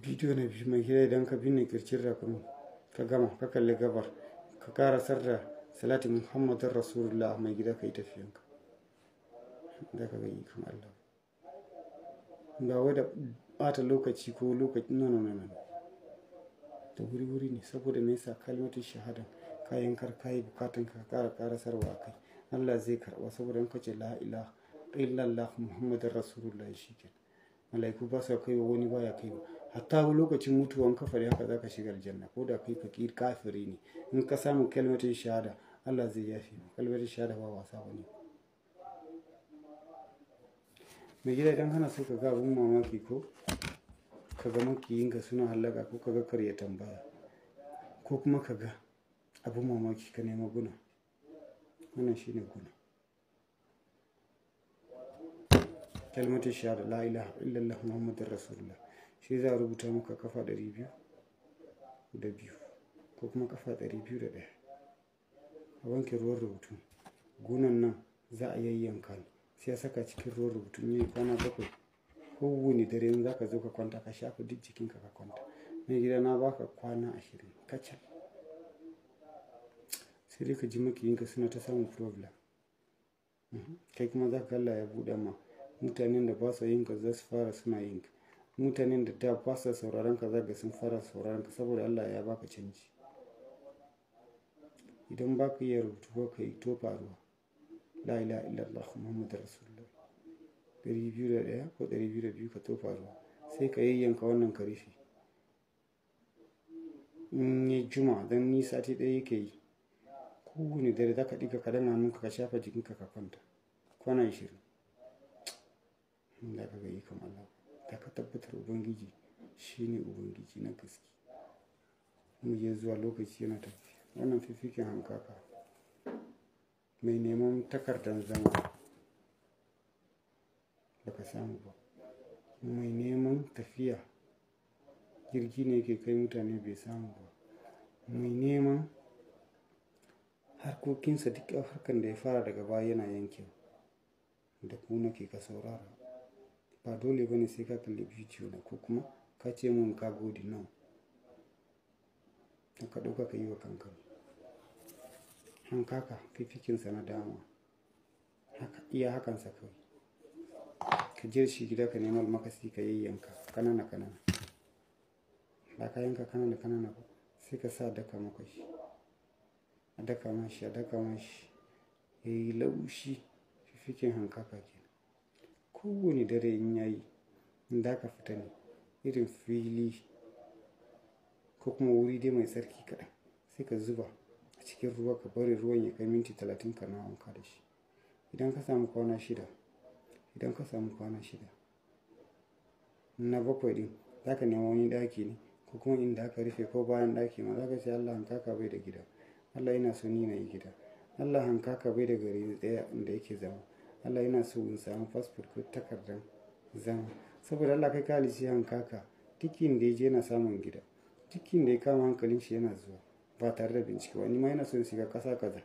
bidiyo na biyu mai gida idan ka binne da kuma ka gama ka kalli gabar ka kara sar da salatin muhammadin rasulullah mai gida ka yi tafiyanka da ka gani kan allah ba wai da bata lokaci ko lokaci no no da wuri wuri ne saboda nesa yasa kalmatin shahada kayan kar kayi bukatun ka kara sarwa kai allah zai karba saboda in ka ce la ilaha illallah muhammadin rasulullah ke malaiku ba su kai wani baya kai ba hatta lokacin mutuwan kafari haka zaka shiga aljanna ko da kai fakir kafiri ne in ka samu kalmatin shahada Allah zai yafe mu kalmatin shahada ba wasa bane me gida idan kana so ka ga abun mamaki ko ka ga makiyinka suna hallaka ko ka ga karya tambaya ko kuma ka ga abun mamaki ka nema guna wannan shine guna kalmatin shahada la ilaha illallah muhammadur rasulullah sai za a rubuta maka kafa dari biyu da biyu ko kuma kafa dari biyu da ɗaya a wanke ruwan rubutu gunan nan za a yayyanka sai a saka cikin ruwan rubutu ne kwana bakwai ko wani dare za ka zo ka kwanta ka shafa duk jikinka ka kwanta mai gida na baka kwana ashirin kacal sai dai ka ji makiyinka suna ta samun problem mhm. kai kuma za ka kalla ya buɗe ma mutanen da ba sa yinka za su fara suna yinka. mutanen da ta fasa sauraron ka zaga sun fara sauraron ka saboda Allah ya baka canji idan baka iya rubutu ko ka yi to faruwa la ilaha illallah muhammadur rasulullah ɗari biyu da ɗaya ko ɗari biyu da biyu ka to faruwa sai ka yayyanka wannan ka rufe in ya juma don ni sati ɗaya yake yi kowane dare za ka ɗiga ka dana nuka ka shafa jikinka ka kwanta kwana ishirin da ka ga kamar Allah da ka tabbatar ubangiji ne ubangiji na gaske mu je zuwa lokaci yana tafi wannan fifikin hankaka. mai neman takardar zama baka samu ba mai neman tafiya jirgi ne ke kai mutane bai samu ba mai neman harkokinsa duk harkar da ya fara daga baya yana yankin da ku ke ka saurara ba dole ba ne sai ka kalli bidiyo na ko kuma ka ce mun ka gode nan don ka ɗauka ka yi wa kanka hankaka fifikinsa na dama haka iya hakansa kawai ka jir shi gida ka nemi almakasi ka yayyanka kanana kanana ba ka yanka kanana kanana ba sai ka sa daka maka shi a daka mashi a daka mashi ya yi laushi fifikin hankaka ke kowane dare in yayi in da ka fita ne irin fili ko kuma wuri dai mai tsarki kaɗan sai ka zuba a cikin ruwa ka bari ruwan ya kai minti talatin na wanka da shi idan ka samu kwana shida idan ka samu kwana shida na bakwai din za ka nemo wani ɗaki ne ko kuma inda aka rufe ko bayan ɗaki ma za ka ce allah hankaka bai da gida allah yana so ni na yi gida allah hankaka bai da gari ɗaya inda yake zama Allah yana so in samu fasfot ko takardar zama saboda Allah kai ka shi hankaka tikin da ya je yana samun gida tikin da ya kama hankalin shi yana zuwa ba tare da bincike wani ma yana so shiga kasa kaza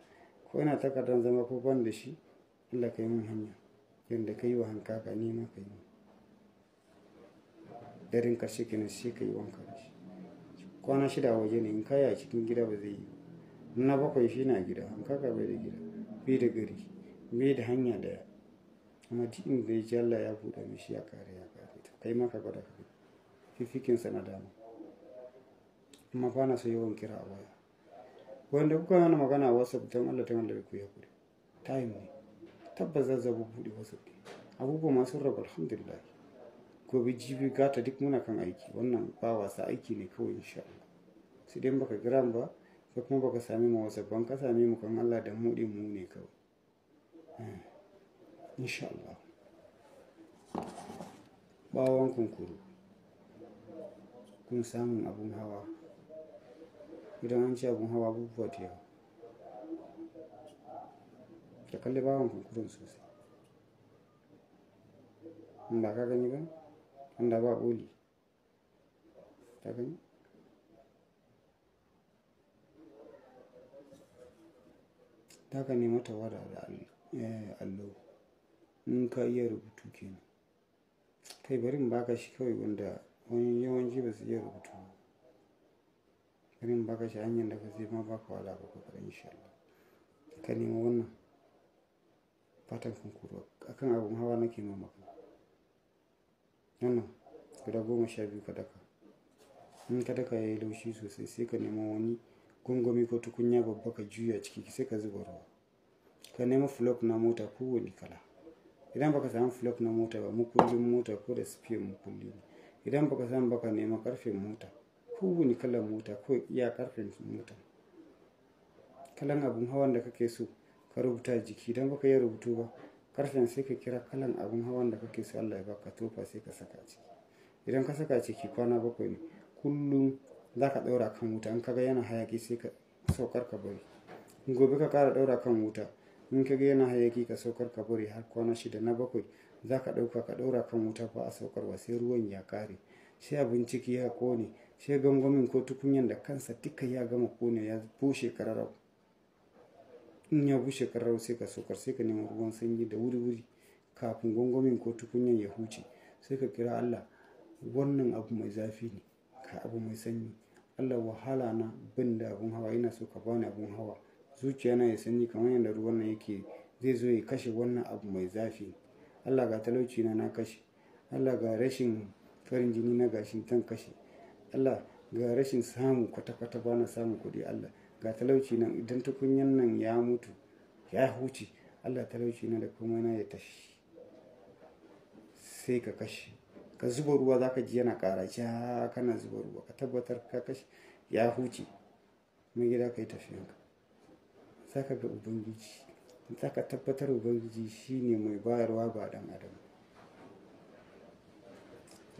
ko yana takardar zama ko ban da shi Allah kai min hanya yanda kai wa hankaka ni ma kai darin karshe kenan shi ka wanka ba shi kwana shida waje ne in kaya a cikin gida ba zai yi na bakwai shi na gida hankaka bai da gida bai da gari bai da hanya daya kuma duk inda ya jalla ya buɗe mishi ya kare ya kare ta kai maka ka gwada ka fifikin sa na dama amma ba na so yawan kira a waya wanda kuka yana magana a whatsapp don Allah ta wanda ku ya kure time ne tabbas zazzabu buɗe whatsapp abubuwa masu rabu alhamdulillah gobe jibi gata duk muna kan aiki wannan ba wasa aiki ne kawai insha Allah sai dai baka gira ba ba kuma baka sami mu whatsapp ban ka sami mu kan Allah da muɗe mu ne kawai inshallah bawon kunkuru kun samun abun hawa idan an ce abun hawa abubuwa da yawa ka kalli bawon kunkurun sosai inda ka gani ba inda ba oli ka gani ta ka nema tawada da allo eh, in ka iya rubutu kenan kai bari in baka shi kawai wanda wani yawanci ba su iya rubutu bari in baka shi hanyar da ka zai ma baka wala ba kuma insha Allah ka nemo wannan fatan kuro akan abun hawa nake ma maka wannan guda goma sha biyu ka daka in ka daka yayi laushi sosai sai ka nemo wani gungumi ko tukunya babba ka juya ciki sai ka zuba ruwa ka nemo flok na mota kowane kala idan baka samu flop na mota ba mukullin mota ko da spiyon mukulli ne idan baka samu baka nema karfin mota wani kalan mota ko iya karfin mota kalan abun hawan da kake so ka rubuta jiki idan baka yi rubutu ba karshen sai ka kira kalan abun hawan da kake so Allah ya baka tofa sai ka saka ciki idan ka saka ciki kwana bakwai ne kullum za ka ɗaura kan wuta in kaga yana hayaki sai ka saukar ka bari gobe ka kara ɗaura kan wuta in ka ga yana hayaki ka saukar ka bari har kwana shida na bakwai za ka ɗauka ka ɗaura kan wuta fa a saukarwa sai ruwan ya kare sai abin ciki ya kone sai gangomin ko tukunyan da kansa duka ya gama ƙone ya bushe kararau in ya bushe kararau sai ka saukar sai ka nemi ruwan sanyi da wuri-wuri kafin gangomin ko tukunyan ya huce sai ka kira Allah wannan abu mai zafi ne ka abu mai sanyi Allah wahala na bin da abun hawa ina so ka bani abun hawa zuciya na ya sanyi kamar yadda ruwan nan yake zai zo ya kashe wannan abu mai zafi Allah ga talauci na na kashe Allah ga rashin farin jini na gashin tan kashe Allah ga rashin samu kwata-kwata ba na samun kuɗi Allah ga talauci na idan tukunyan nan ya mutu ya huce Allah talauci na da kuma na ya tashi sai ka kashe ka zuba ruwa za ka ji yana ƙara ja kana zuba ruwa ka tabbatar ka kashe ya huce mai gida ka yi tafiyanka za ka ga ubangiji za ka tabbatar ubangiji shine mai bayarwa ba dan adam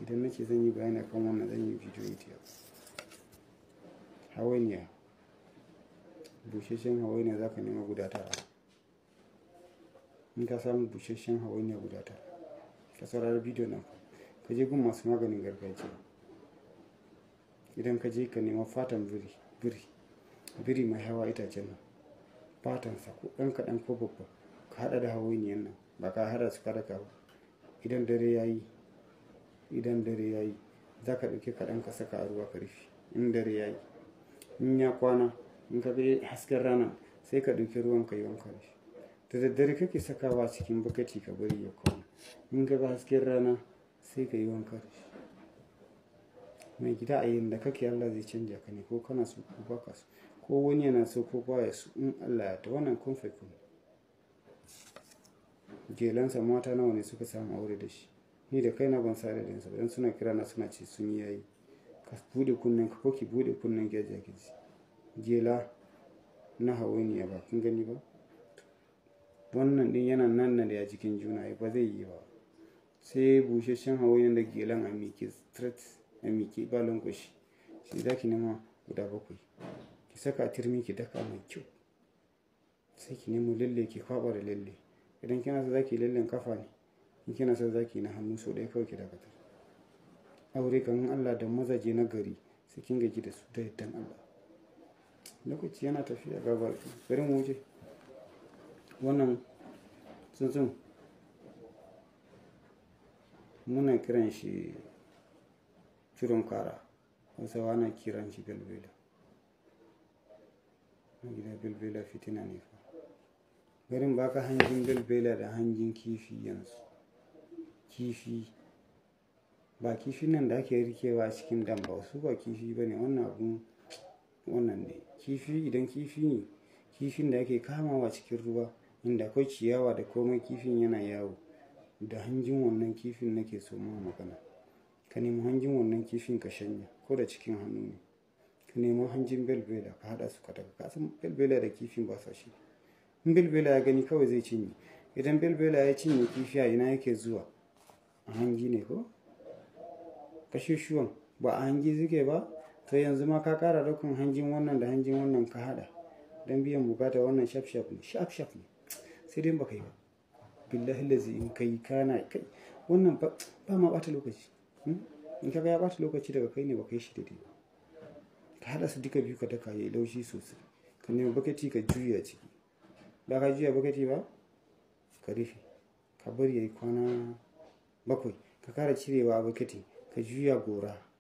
idan nake zan yi bayani kan wannan zan yi bidiyo ita hawainiya busheshen hawainiya za ka nema guda tara in ka samu busheshen hawainiya guda tara ka saurari bidiyo nan ka je gun masu maganin gargajiya idan ka je ka nema fatan biri biri mai hawa itacen nan fatansa ko ɗan kaɗan ko babba ka haɗa da hawainiyan nan ba ka haɗa su ka daka ba idan dare ya yi idan dare ya yi za ka ɗauki kaɗan ka saka a ruwa ka rufe in dare ya yi in ya kwana in ka ga hasken rana sai ka ɗauki ruwan ka yi wanka da shi da daddare kake sakawa cikin bakati ka bari ya kwana in ka ga hasken rana sai ka yi wanka da shi mai gida a yin da kake Allah zai canja ka ne ko kana so ko baka so ko wani yana so ko baya su in Allah ya ta wannan ne. gelan gelansa mata nawa ne suka samu aure da shi ni da kaina ban sa da dinsa dan suna kira na suna ce sun yayi ka bude kunnen ka ko bude kunnen gaja ki gela na ya ba kun gani ba wannan din yana nan nan da ya cikin juna ba zai yi ba sai busheshen hawani da gelan a miki straight a miki ba langoshi sai zaki nema guda bakwai saka turmi ki daka mai kyau sai ki nemo lalle ki kwaba da lalle idan kina so zaki lallen kafa ne in kina so zaki na hannu so ɗaya kawai ki dakatar aure kaman Allah da mazaje na gari sai kin gaji da su da yaddan Allah lokaci yana tafiya ga baki bari mu wuce wannan tsuntsun muna kiran shi ciron kara hausawa na kiran shi galbela gida bilbela fitina ne fa garin baka hanjin bilbela da hanjin kifi yanzu kifi ba kifin nan da ake rikewa a cikin ba su ba kifi ba ne wannan abu wannan ne kifi idan kifi ne kifin da ake kamawa cikin ruwa inda akwai ciyawa da komai kifin yana yawo da hanjin wannan kifin nake so ma magana ka nemi hanjin wannan kifin ka shanya ko da cikin hannu ne ka nemo hanjin belbela ka haɗa su ka daga san belbela da kifin ba sa shi in belbela ya gani kawai zai cinye idan belbela ya cinye kifi a ina yake zuwa a hangi ne ko kashishuwan ba a hangi zuke ba to yanzu ma ka kara rukun hanjin wannan da hanjin wannan ka haɗa don biyan bukata wannan shaf shaf ne shaf shaf ne sai dai baka yi ba billahi lazi in kai kana kai wannan ba ma bata lokaci hmm? in kaga ya bata lokaci daga kai ne baka yi shi daidai ka haɗa su duka biyu ka daka kayi laushi sosai ka nemi bakati ka juya ciki Da ka juya bakati ba ka rufe ka bari yi kwana bakwai ka kara cirewa a bakati ka juya gora